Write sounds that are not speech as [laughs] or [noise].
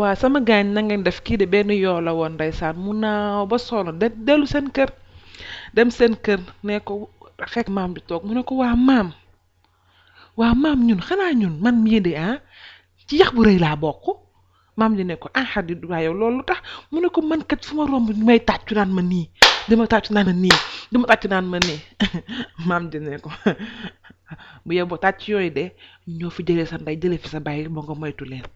waaw sama gaañ nangeen def kii de benn yoo la woon ndeysaan mu naaw ba solo de dellu seen kër dem seen kër ne ko fekk maam di toog mu ne ko waa maam waa maam ñun xanaa ñun man mii de ah ci yax bu rëy laa bokk maam di ne ko ah xaddi waaye loolu tax mu ne ko man kat fu ma romb ñu may tàccu naan ma nii dama tàccu naan ma nii dama tàccu naan ma nii [laughs] maam di ne ko [laughs] bu yeboo tàcc yooyu de ñoo fi jëlee sa ndey jëlee fi sa bàyyi moo nga moytu leen.